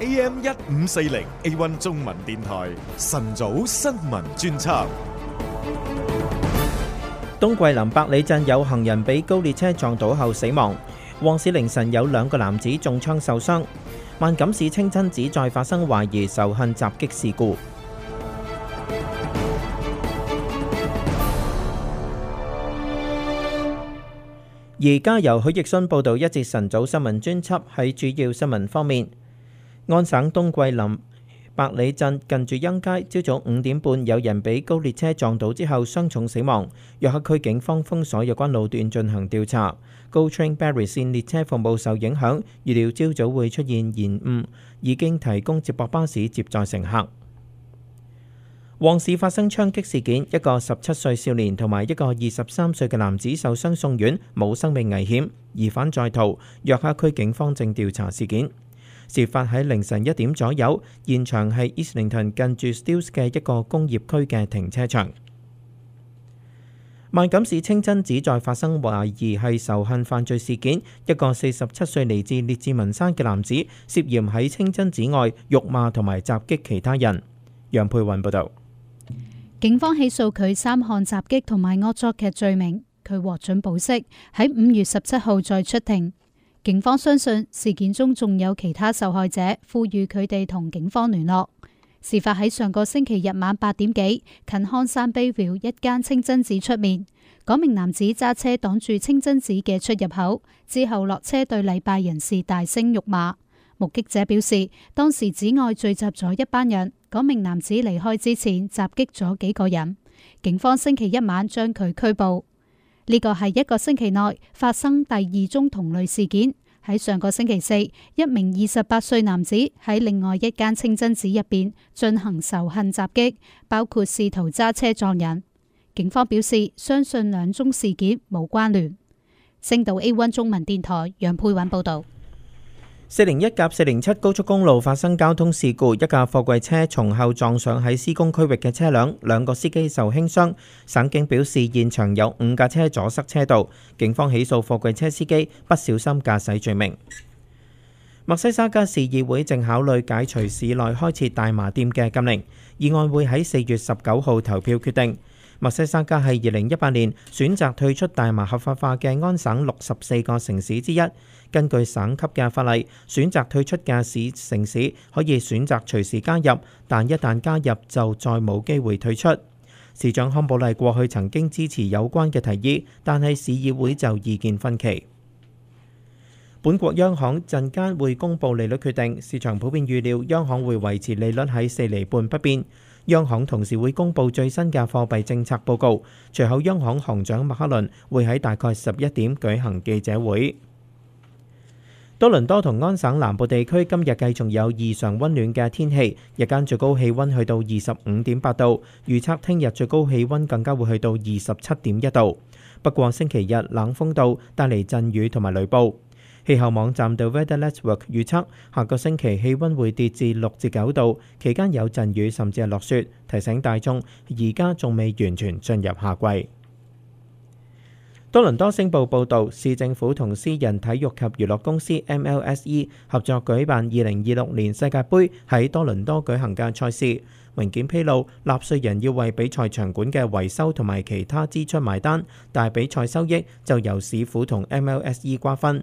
AM 一五四零 A One 中文電台晨早新聞專輯。東桂林百里鎮有行人被高列車撞倒後死亡，旺市凌晨有兩個男子中槍受傷，萬錦市清真寺再發生懷疑仇恨襲擊事故。而家由許奕迅報道，一節晨早新聞專輯喺主要新聞方面。安省東桂林百里鎮近住陰街，朝早五點半有人俾高列車撞倒之後，傷重死亡。約克區警方封鎖有關路段進行調查，高 Train Barrie 線列車服務受影響，預料朝早會出現延誤，已經提供接駁巴士接載乘客。旺市發生槍擊事件，一個十七歲少年同埋一個二十三歲嘅男子受傷送院，冇生命危險，疑犯在逃。約克區警方正調查事件。事發喺凌晨一點左右，現場係伊士靈頓近住 Steeles 嘅一個工業區嘅停車場。萬錦市清真寺再發生懷疑係仇恨犯罪事件，一個四十七歲嚟自列治文山嘅男子涉嫌喺清真寺外辱罵同埋襲擊其他人。楊佩云報道。警方起訴佢三項襲擊同埋惡作劇罪名，佢獲准保釋，喺五月十七號再出庭。警方相信事件中仲有其他受害者，呼籲佢哋同警方聯絡。事發喺上個星期日晚八點幾，近康山 Bayville 一間清真寺出面，嗰名男子揸車擋住清真寺嘅出入口，之後落車對禮拜人士大聲辱罵。目擊者表示，當時寺外聚集咗一班人，嗰名男子離開之前襲擊咗幾個人。警方星期一晚將佢拘捕。呢個係一個星期內發生第二宗同類事件。喺上個星期四，一名二十八歲男子喺另外一間清真寺入邊進行仇恨襲擊，包括試圖揸車撞人。警方表示，相信兩宗事件冇關聯。星島 A1 中文電台楊佩韻報道。四零一及四零七高速公路發生交通事故，一架貨櫃車從後撞上喺施工區域嘅車輛，兩個司機受輕傷。省警表示，現場有五架車阻塞車道，警方起訴貨櫃車司機不小心駕駛罪名。墨西沙加市議會正考慮解除市內開設大麻店嘅禁令，議案會喺四月十九號投票決定。墨西沙加係二零一八年選擇退出大麻合法化嘅安省六十四個城市之一。根據省級嘅法例，選擇退出嘅市城市可以選擇隨時加入，但一旦加入就再冇機會退出。市長康保麗過去曾經支持有關嘅提議，但係市議會就意見分歧。本國央行陣間會公布利率決定，市場普遍預料央行會維持利率喺四釐半不變。央行同時會公布最新嘅貨幣政策報告，隨後央行行長麥克倫會喺大概十一點舉行記者會。多倫多同安省南部地區今日繼續有異常温暖嘅天氣，日間最高氣温去到二十五點八度，預測聽日最高氣温更加會去到二十七點一度。不過星期日冷風到，帶嚟陣雨同埋雷暴。氣候網站 The Weather Network 預測，下個星期氣温會跌至六至九度，期間有陣雨甚至係落雪。提醒大眾，而家仲未完全進入夏季。多倫多星報報導，市政府同私人體育及娛樂公司 MLSE 合作舉辦二零二六年世界盃喺多倫多舉行嘅賽事。文件披露，納稅人要為比賽場館嘅維修同埋其他支出埋單，但係比賽收益就由市府同 MLSE 瓜分。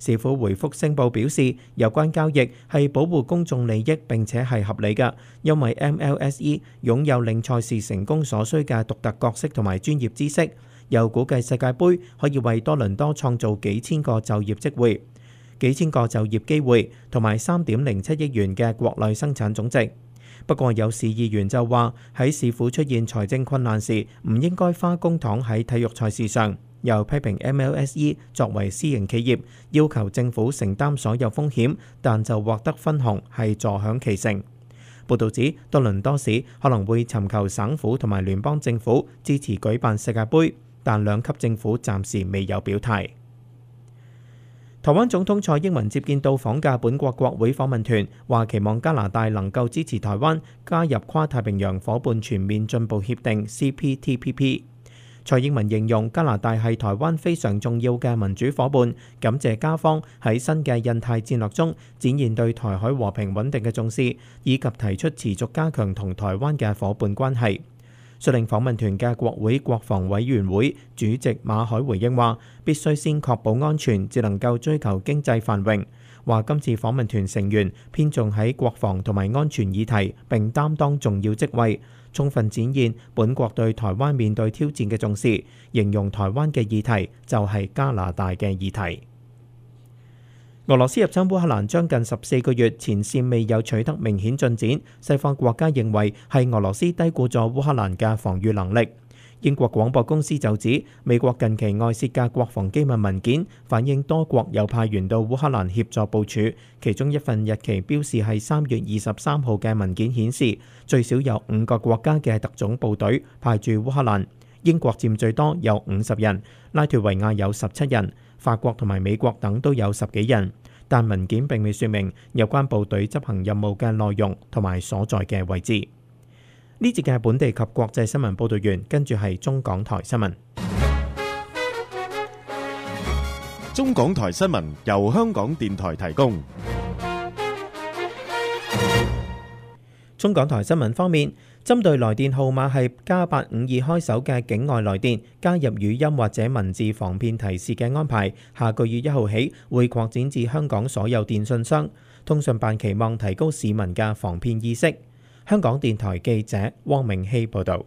市府回覆星報表示，有關交易係保護公眾利益並且係合理㗎，因為 MLSE 擁有令賽事成功所需嘅獨特角色同埋專業知識。又估計世界盃可以為多倫多創造幾千個就業機會，幾千個就業機會同埋三點零七億元的國內生產總值。不過有市議員就話，喺市府出現財政困難時，唔應該花公帑喺體育賽事上，又批評但兩級政府暫時未有表態。台灣總統蔡英文接見到訪加本國國會訪問團，話期望加拿大能夠支持台灣加入跨太平洋伙伴全面進步協定 （CPTPP）。蔡英文形容加拿大係台灣非常重要嘅民主伙伴，感謝加方喺新嘅印太戰略中展現對台海和平穩定嘅重視，以及提出持續加強同台灣嘅伙伴關係。率領訪問團嘅國會國防委員會，主席馬海回應話，必須先確保安全，至能夠追求經濟繁榮。話，今次訪問團成員，偏重喺國防同埋安全議題，並擔當重要職位，充分展現本國對台灣面對挑戰嘅重視，形容台灣嘅議題，就係加拿大嘅議題。俄羅斯入侵烏克蘭將近十四個月，前線未有取得明顯進展。西方國家認為係俄羅斯低估咗烏克蘭嘅防禦能力。英國廣播公司就指，美國近期外泄嘅國防機密文件反映多國有派員到烏克蘭協助部署。其中一份日期標示係三月二十三號嘅文件顯示，最少有五個國家嘅特種部隊派駐烏克蘭。英國佔最多有五十人，拉脫維亞有十七人。法國同埋美國等都有十幾人，但文件並未說明有關部隊執行任務嘅內容同埋所在嘅位置。呢節嘅本地及國際新聞報道員，跟住係中港台新聞。中港台新聞由香港電台提供。中港台新聞方面，針對來電號碼係加八五二開首嘅境外來電，加入語音或者文字防騙提示嘅安排，下個月一號起會擴展至香港所有電信商。通訊辦期望提高市民嘅防騙意識。香港電台記者汪明熙報道。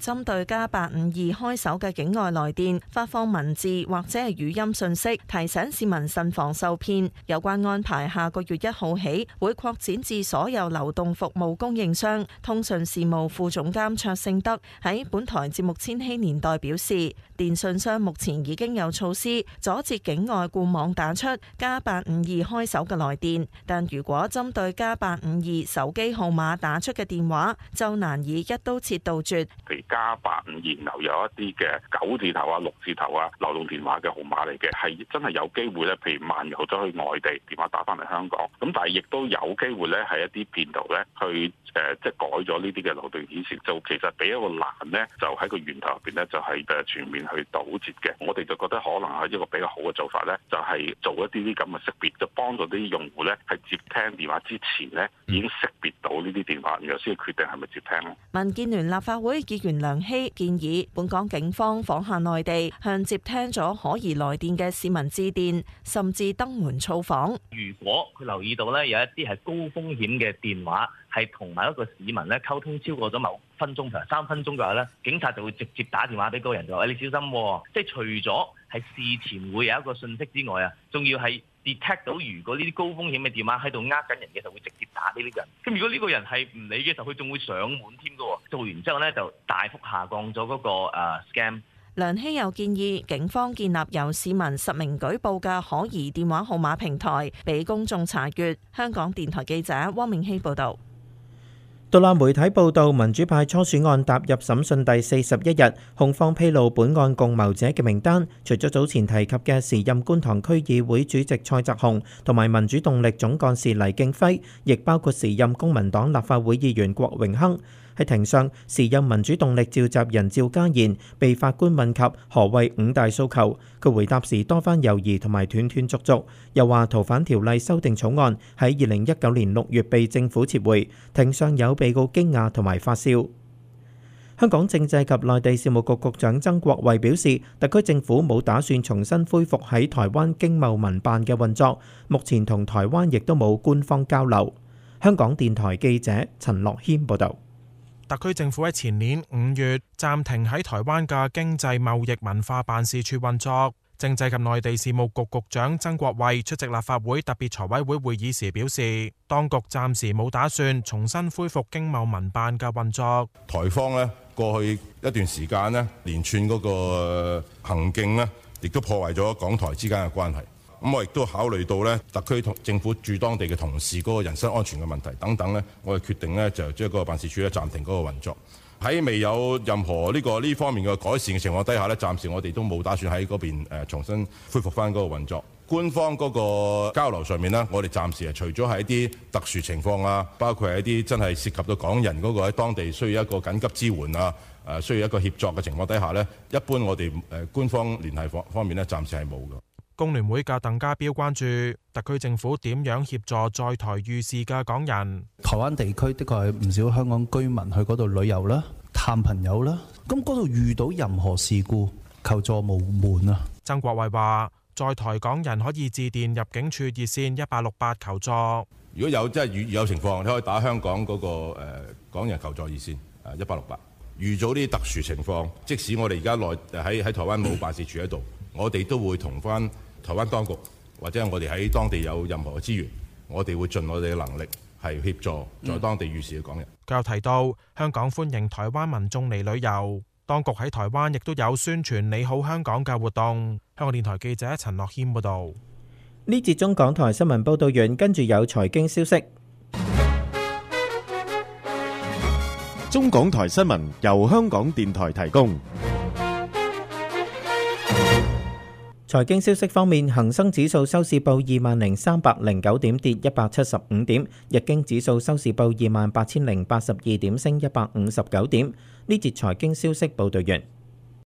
針對加八五二開頭嘅境外來電發放文字或者係語音訊息，提醒市民慎防受騙。有關安排下個月一號起會擴展至所有流動服務供應商。通訊事務副總監卓勝德喺本台節目《千禧年代》表示，電信商目前已經有措施阻截境外固網打出加八五二開頭嘅來電，但如果針對加八五二手機號碼打出嘅電話，就難以一刀切杜絕。加八五，然後有一啲嘅九字頭啊、六字頭啊，流動電話嘅號碼嚟嘅，係真係有機會咧，譬如漫遊咗去外地，電話打翻嚟香港，咁但係亦都有機會咧，係一啲騙徒咧，去誒即係改咗呢啲嘅流動顯示，就其實俾一個難咧，就喺個源頭入邊咧，就係誒全面去堵截嘅。我哋就覺得可能係一個比較好嘅做法咧，就係做一啲啲咁嘅識別，就幫助啲用戶咧，喺接聽電話之前咧已經識別到呢啲電話，然後先決定係咪接聽咯。民建聯立法會議員梁希建議，本港警方仿效內地，向接聽咗可疑來電嘅市民致電，甚至登門造訪。如果佢留意到咧，有一啲係高風險嘅電話，係同埋一個市民咧溝通超過咗某分鐘，譬如三分鐘嘅話咧，警察就會直接打電話俾嗰個人，就話：你小心，哦。即係除咗係事前會有一個信息之外啊，仲要係。detect 到如果呢啲高風險嘅電話喺度呃緊人嘅，就會直接打俾呢個人。咁如果呢個人係唔理嘅時候，佢仲會上門添嘅。做完之後呢，就大幅下降咗嗰個誒 scam。梁希有建議警方建立由市民實名舉報嘅可疑電話號碼平台，俾公眾查閱。香港電台記者汪明熙報導。獨立媒體報道，民主派初選案踏入審訊第四十一日，控方披露本案共謀者嘅名單，除咗早前提及嘅時任觀塘區議會主席蔡澤雄，同埋民主動力總幹事黎敬輝，亦包括時任公民黨立法會議員郭榮亨。喺庭上，時任民主動力召集人趙家賢被法官問及何謂五大訴求,佢回答時多番猶疑同埋斷斷續續,又話逃犯條例修訂草案喺2019年6月被政府撤回,庭上有被告驚訝同埋發笑。香港政制及內地事務局局長曾國衛表示，特區政府冇打算重新恢復喺台灣經貿文辦嘅運作，目前同台灣亦都冇官方交流。香港電台記者陳樂軒報導。6特區政府喺前年五月暫停喺台灣嘅經濟貿易文化辦事處運作，政制及內地事務局局、局長曾國衛出席立法會特別財委會會議時表示，當局暫時冇打算重新恢復經貿文辦嘅運作。台方咧過去一段時間咧連串嗰個行徑咧，亦都破壞咗港台之間嘅關係。咁我亦都考慮到咧，特區同政府駐當地嘅同事嗰個人身安全嘅問題等等咧，我哋決定咧就將嗰個辦事處咧暫停嗰個運作。喺未有任何呢、這個呢方面嘅改善嘅情況底下咧，暫時我哋都冇打算喺嗰邊重新恢復翻嗰個運作。官方嗰個交流上面呢，我哋暫時係除咗喺一啲特殊情況啊，包括係一啲真係涉及到港人嗰、那個喺當地需要一個緊急支援啊，誒需要一個協助嘅情況底下咧，一般我哋誒官方聯繫方方面咧，暫時係冇㗎。工聯會嘅鄧家彪關注特區政府點樣協助在台遇事嘅港人。台灣地區的確係唔少香港居民去嗰度旅遊啦、探朋友啦，咁嗰度遇到任何事故求助無門啊。曾國衛話：在台港人可以致電入境處熱線一八六八求助。如果有即係有情況，你可以打香港嗰個誒港人求助熱線誒一八六八。遇到呢啲特殊情況，即使我哋而家內喺喺台灣冇辦事處喺度，我哋都會同翻。台灣當局或者我哋喺當地有任何資源，我哋會盡我哋嘅能力係協助在當地遇事嘅港人。佢、嗯、又提到香港歡迎台灣民眾嚟旅遊，當局喺台灣亦都有宣傳你好香港嘅活動。香港電台記者陳樂軒報導。呢節中港台新聞報導完，跟住有財經消息。中港台新聞由香港電台提供。財經消息方面，恒生指數收市報二萬零三百零九點，跌一百七十五點；日經指數收市報二萬八千零八十二點，升一百五十九點。呢節財經消息報道完。